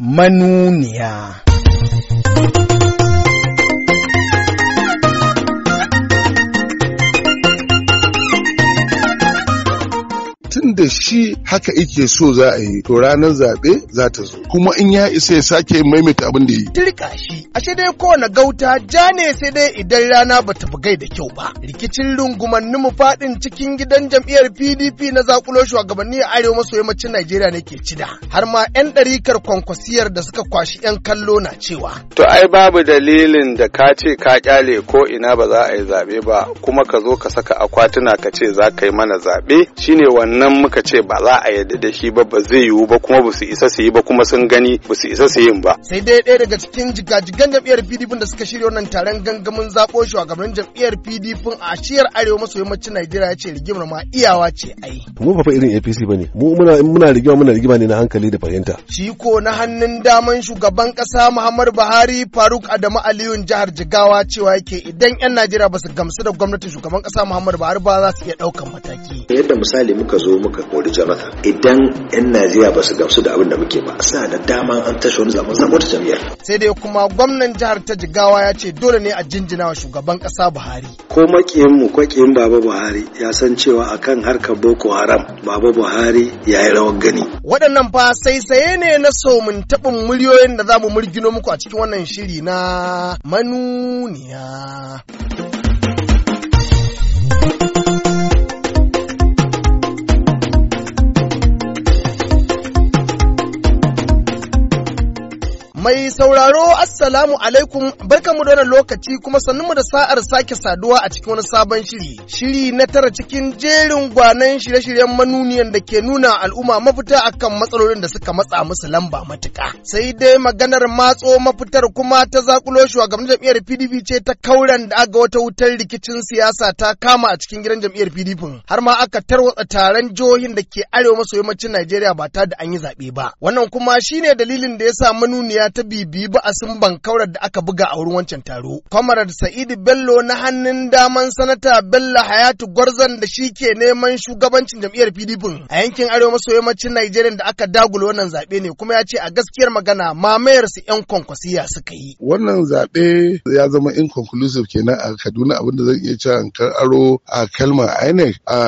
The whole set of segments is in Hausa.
manuniya. tun da shi haka ike so za a yi to ranar zaɓe za ta zo kuma in ya isa ya sake maimaita abin da yi. Turka shi ashe dai kowane gauta ja ne sai dai idan rana ba ta bugai da kyau ba rikicin rungumannin mu faɗin cikin gidan jam'iyyar PDP na zakulo shugabanni a arewa maso yammacin Najeriya ne ke cida har ma 'yan ɗarikar kwankwasiyar da suka kwashi 'yan kallo na cewa. To ai babu dalilin da ka ce ka kyale ko ina ba za a yi zaɓe ba kuma ka zo ka saka akwatuna ka ce za ka yi mana zaɓe shine wannan Nan muka ce ba za a yadda da shi ba ba zai yiwu ba kuma ba su isa su yi ba kuma sun gani ba su isa su yin ba. sai dai ɗaya daga cikin jigajigan jam'iyyar pdp da suka shirya wannan taron gangamin zaɓo shugaban jam'iyyar pdp a shiyar arewa maso yammacin najeriya ya ce rigimar ma iyawa ce ai. mu ba fa irin apc ba ne mu muna muna rigima muna rigima ne na hankali da fahimta. shi ko na hannun daman shugaban ƙasa muhammadu buhari faruk adamu aliyun jihar jigawa cewa yake idan 'yan najeriya ba su gamsu da gwamnatin shugaban ƙasa muhammadu buhari ba za su iya ɗaukan mataki. yadda misali muka zo zo muka kori jonathan idan 'yan najeriya ba su gamsu da abin da muke ba suna da dama an tashi wani zaman zama jam'iyyar sai dai kuma gwamnan jihar ta jigawa ya ce dole ne a jinjina wa shugaban kasa buhari ko makiyin mu ko baba buhari ya san cewa akan harkar boko haram baba buhari ya yi rawar gani waɗannan fa saye ne na somin taɓin miliyoyin da za mu murgino muku a cikin wannan shiri na manuniya. Mai sauraro Assalamu alaikum barkanmu da wannan lokaci kuma sannunmu da sa'ar sake saduwa a cikin wani sabon shiri. Shiri na tara cikin jerin gwanan shirye-shiryen manuniyan da ke nuna al'umma mafita akan matsalolin da suka matsa musu lamba matuka. Sai dai maganar matso mafitar kuma ta zakulo shugaban jam'iyyar PDP ce ta kauran da aga wata wutar rikicin siyasa ta kama a cikin gidan jam'iyyar PDP. Har ma aka tarwatsa taron jihohin da ke arewa maso yammacin Najeriya ba ta da an yi zaɓe ba. Wannan kuma shine dalilin da ya sa manuniya ta ta bibiyi sun bankaurar da aka buga a wurin wancan taro. Kwamarar Sa'idu Bello na hannun daman sanata Bello Hayatu Gwarzan da shi ke neman shugabancin jam'iyyar PDP a yankin arewa maso yammacin Najeriya da aka dagula wannan zaɓe ne kuma ya ce a gaskiyar magana mamayar su 'yan kwankwasiya suka yi. Wannan zaɓe ya zama inconclusive kenan a Kaduna abinda zan iya cewa kar aro a kalma INEC a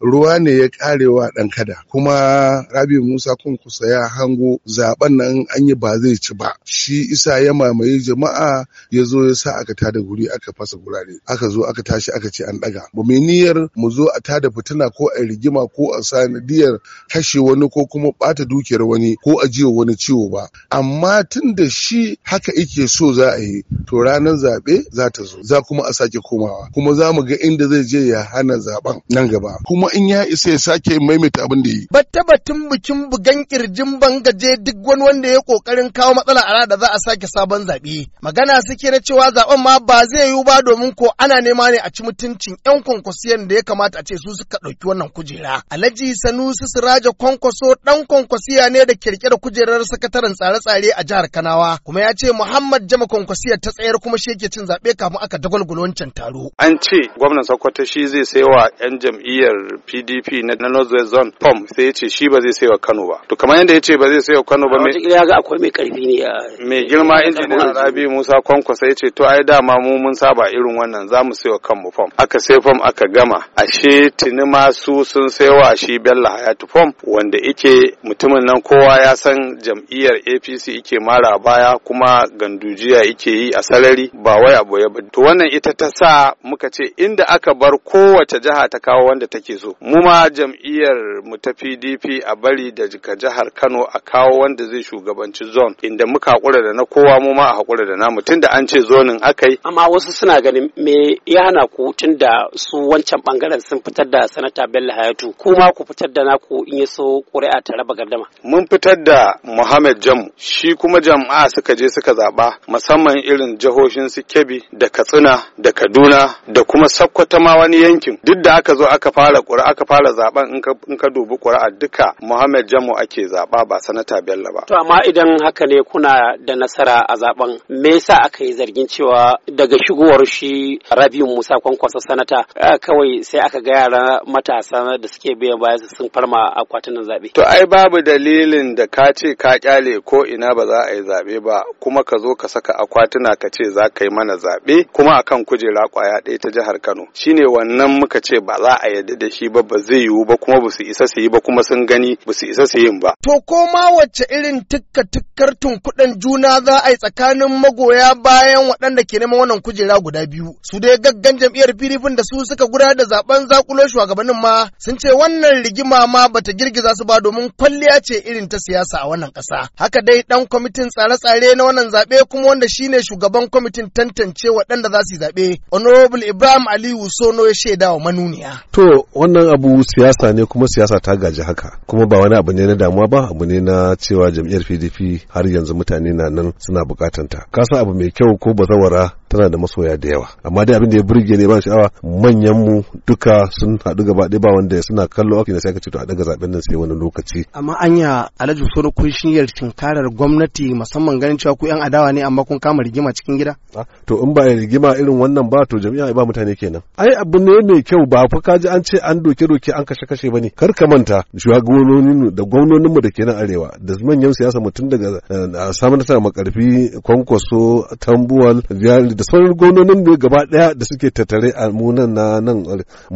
ruwa ne ya karewa ɗan kada kuma Rabi Musa Kunkusa ya hango zaɓen nan an yi ba zai ci ba shi isa ya mamaye jama'a ya zo ya sa aka tada guri aka fasa gurare aka zo aka tashi aka ce an daga ba mai niyyar mu zo a tada fitina ko a rigima ko a sanadiyar kashe wani ko kuma bata dukiyar wani ko a jiwa wani ciwo ba amma tun da shi haka yake so za a yi to ranar zaɓe za ta zo za kuma a sake komawa kuma za mu ga inda zai je ya hana zaben nan gaba kuma in ya isa ya sake maimaita abin da yi. Batta batun bikin bugan kirjin bangaje duk wani wanda ya kokarin kawo matsala a faɗa da za a sake sabon zaɓe. Magana suke na cewa zaɓen ma ba zai yiwu ba domin ko ana nema ne a ci mutuncin 'yan kwankwasiyan da ya kamata a ce su suka ɗauki wannan kujera. Alhaji Sanusi Siraja Kwankwaso ɗan kwankwasiya ne da kirkira kujerar sakataren tsare-tsare a jihar Kanawa kuma ya ce Muhammad Jama kwankwasiya ta tsayar kuma shi yake cin zaɓe kafin aka dagwalgwalo wancan taro. An ce gwamnan Sokoto shi zai saiwa 'yan jam'iyyar PDP na North West Zone POM sai ya ce shi ba zai saiwa Kano ba. To kamar yadda ya ce ba zai saiwa Kano ba. ya ga akwai mai karfi ne a mai girma injiniyan Rabi Musa kwankwa sai ce to ai dama mu mun saba irin wannan za mu kan mu fom. aka sai fom aka gama ashe tuni ma su sun sayowa shi Bello Hayatu fom? wanda ike mutumin nan kowa ya san jam'iyyar APC ike mara baya kuma gandujiya ike yi a sarari ba wai a boye ba to wannan ita ta sa muka ce inda aka bar kowace jiha ta kawo wanda take so mu ma jam'iyyar mu ta PDP a bari da jihar Kano a kawo wanda zai shugabanci zone inda muka aka haƙura da na kowa mu ma a haƙura da namu tunda an ce zonin akai. Amma wasu suna ganin me ya hana ku tunda su wancan bangaren sun fitar da sanata Bello Hayatu kuma ku fitar da naku in ya so ƙuri'a ta raba gardama. Mun fitar da Muhammad Jamu shi kuma jama'a suka je suka zaɓa musamman irin jihohin su Kebbi da Katsina da Kaduna da kuma Sokoto ma wani yankin duk da aka zo aka fara ƙuri'a aka fara zaben in ka dubi ƙuri'a duka Muhammad Jamu ake zaɓa ba sanata Bello ba. To amma idan haka ne kuna da nasara a zaben. Me yasa aka yi zargin cewa daga shigowar shi Rabiu Musa Kwankwasa sanata kawai sai aka ga yara matasa da suke biyan baya sun farma akwatunan zabe To ai babu dalilin da ka ce ka kyale ko ina ba za a yi zaɓe ba kuma ka zo ka saka akwatuna ka ce za ka yi mana zaɓe kuma akan kujera kwaya ɗaya ta jihar Kano. Shine wannan muka ce ba za a yarda da shi ba ba zai yiwu ba kuma ba su isa su yi ba kuma sun gani ba su isa su yin ba. To ko ma wacce irin tukka tukkar tunkuɗin juna za a yi tsakanin magoya bayan waɗanda ke neman wannan kujera guda biyu. Su dai gaggan jam'iyyar PDP da su suka gudanar da zaben zakulo shugabannin ma sun ce wannan rigima ma bata girgiza su ba domin kwalliya ce irin ta siyasa a wannan ƙasa. Haka dai dan kwamitin tsare-tsare na wannan zaɓe kuma wanda shine shugaban kwamitin tantance waɗanda za su yi zaɓe. Honorable Ibrahim Aliyu Sono ya shaida wa manuniya. To wannan abu siyasa ne kuma siyasa ta gaji haka kuma ba wani abu ne na damuwa ba abu ne na cewa jam'iyyar PDP har yanzu mutane mutane na nan suna bukatanta ka san abu mai kyau ko bazawara tana da masoya da yawa amma dai abin da ya burge ne ba sha'awa manyan mu duka sun haɗu gaba ɗaya ba wanda suna kallo aka sai ka ce to a daga zaben nan sai wani lokaci amma anya alhaji soro kun shiryar tinkarar gwamnati musamman ganin cewa ku yan adawa ne amma kun kama rigima cikin gida ah, to in ba rigima irin wannan ba to jami'a ba mutane kenan ai abu ne mai kyau ba fa kaji an ce an doke doke an kashe kashe bane kar ka manta shugabannin da gwamnonin mu da kenan arewa da manyan siyasa mutum daga eh, samun ta makarfi kwankwaso tambuwal da sauran gononin ne gaba daya da suke tattare a munan na nan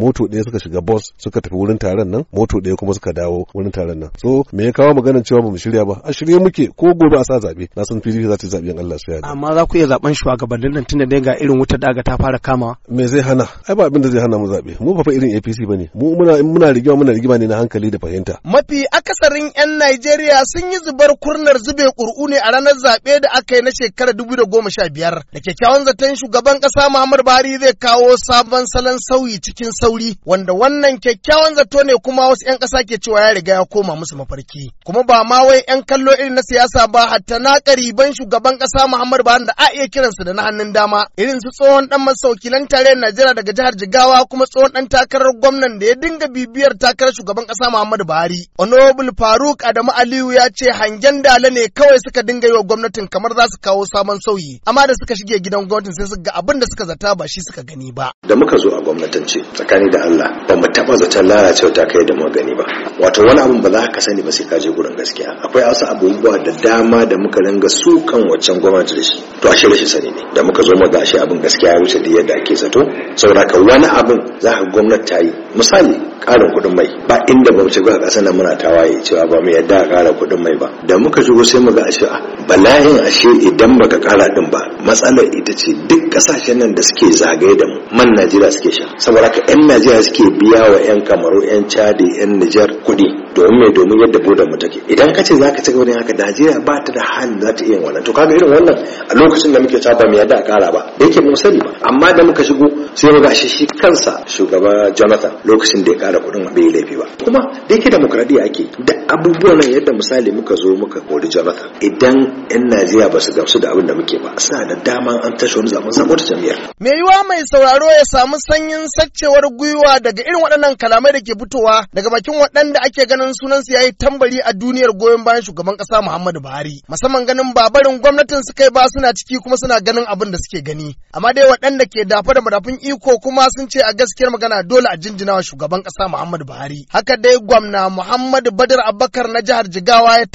moto ɗaya suka shiga bus suka tafi wurin taron nan moto ɗaya kuma suka dawo wurin taron nan so me ya kawo maganar cewa ba mu shirya ba a shirye muke ko gobe a sa zabe na san PDP za ta zabi in Allah ya amma za ku iya zaben shugabannin nan tunda dai ga irin wuta daga ta fara kama me zai hana ai ba abin da zai hana mu zabe mu fa irin APC bane mu muna muna rigima muna rigima ne na hankali da fahimta mafi akasarin yan Najeriya sun yi zubar kurnar zube kur'u ne a ranar zabe da aka yi na shekarar 2015 da kyakkyawan zaton shugaban ƙasa Muhammad Buhari zai kawo sabon salon sauyi cikin sauri wanda wannan kyakkyawan zato ne kuma wasu 'yan ƙasa ke cewa ya riga ya koma musu mafarki. Kuma ba ma wai 'yan kallo irin na siyasa ba hatta na ƙariban shugaban ƙasa Muhammad Buhari da a iya kiransu da na hannun dama irin su tsohon ɗan masaukilan tarayyar Najeriya daga jihar Jigawa kuma tsohon ɗan takarar gwamnan da ya dinga bibiyar takarar shugaban ƙasa Muhammad Buhari. Honorable Faruk Adamu Aliyu ya ce hangen dala ne kawai suka dinga yi wa gwamnatin kamar za su kawo sabon sauyi amma da suka shige gidan gwamnati gwamnatin sai suka ga abin da suka zata ba shi suka gani ba da muka zo a gwamnatance tsakani da Allah ba mu taba zaton lalacewa ta kai da mu gani ba wato wani abin ba za ka sani ba sai ka je gurin gaskiya akwai wasu abubuwa da dama da muka ranga su kan waccan gwamnati da shi to ashe rashin sani ne da muka zo mu ga ashe abin gaskiya ya wuce da yadda ake zato saboda ka wani abin za ka gwamnati ta yi misali ƙarin kuɗin mai ba inda ba mu shiga a ƙasar nan muna tawaye cewa ba mu yadda a ƙara kuɗin mai ba da muka shigo sai ga a cewa ah, bala'in ashe idan baka ƙara din ba matsalar ita ce duk ƙasashen nan da suke zagaye da mu man Najeriya suke sha saboda ka 'yan Najeriya suke biya wa 'yan Kamaru 'yan Chadi 'yan Nijar kuɗi domin mai domin yadda budan mu take idan ka ce zaka ci gaba da haka Najeriya ba ta da hali za ta iya wannan to kaga irin wannan a lokacin da muke cewa ba mu yadda a ƙara ba da yake mu sani ba amma da muka shigo sai mu ga shi kansa shugaba Jonathan lokacin da ya ƙara da kuɗin bai laifi ba kuma da yake demokradiya ake da abubuwan nan yadda misali muka zo muka kori jonathan idan yan najeriya ba su gamsu da abin da muke ba suna da dama an tashi wani zaben zaɓen jam'iyyar. me yiwa mai sauraro ya samu sanyin saccewar gwiwa daga irin waɗannan kalamai da ke fitowa daga bakin waɗanda ake ganin sunansu ya yi tambari a duniyar goyon bayan shugaban ƙasa muhammadu buhari musamman ganin babarin gwamnatin su kai ba suna ciki kuma suna ganin abin da suke gani amma dai waɗanda ke dafa da madafin iko kuma sun ce a gaskiyar magana dole a jinjinawa shugaban ƙasa ƙasa Muhammadu Buhari. Haka dai gwamna Muhammadu Badar Abubakar na jihar Jigawa ya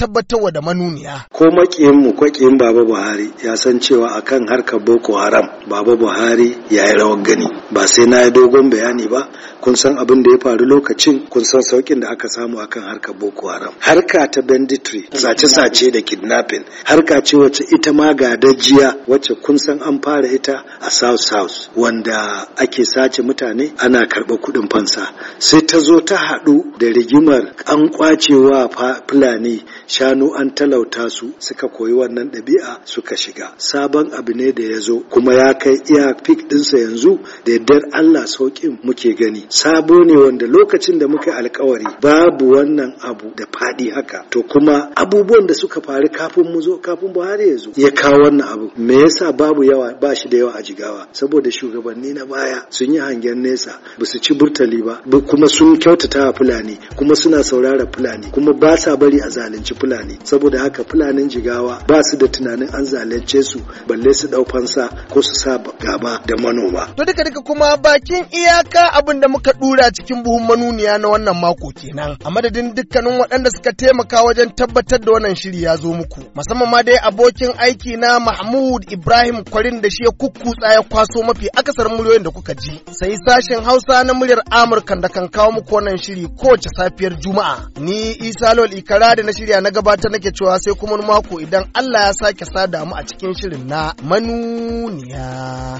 wa da manuniya. Ko maƙiyin mu kwaƙiyin Baba Buhari ya san cewa akan harkar Boko Haram Baba Buhari ya yi rawar gani. Ba sai na yi dogon bayani ba kun san abin da ya faru lokacin kun san sauƙin da aka samu akan harkar Boko Haram. Harka ta banditry sace-sace da kidnapping harka ce wacce ita ma ga dajiya wacce kun san an fara ita a South South wanda ake sace mutane ana karɓar kuɗin fansa sai ta zo ta haɗu da rigimar an kwacewa fulani shanu an talauta su suka koyi wannan ɗabi'a suka shiga sabon abu ne da ya zo kuma ya kai iya fik ɗinsa yanzu da yaddar Allah sauƙin muke gani sabo ne wanda lokacin da muka alkawari babu wannan abu da faɗi haka to kuma abubuwan da suka faru kafin mu zo kafin Buhari ya zo ya kawo wannan abu me yasa babu yawa ba shi da yawa a jigawa saboda shugabanni na baya sun yi hangen nesa ba su ci burtali ba kuma sun kyautata wa fulani kuma suna saurara fulani kuma ba sa bari a zalunci fulani saboda haka fulanin jigawa ba su da tunanin an zalunce su balle su dau fansa ko su sa gaba da manoma to duka duka kuma bakin iyaka abin da muka dura cikin buhun manuniya na wannan mako kenan a madadin dukkanin waɗanda suka taimaka wajen tabbatar da wannan shiri ya zo muku musamman ma dai abokin aiki na Mahmud Ibrahim Kwarin da shi ya kukkutsa ya kwaso mafi akasar muryoyin da kuka ji sai sashen Hausa na muryar Amurka da kan kawo muku wannan shiri kowace safiyar Juma'a. Ni Isa Lol Ikara da na shirya na gabata nake cewa sai kuma mako idan Allah ya sake sada mu a cikin shirin na manuniya.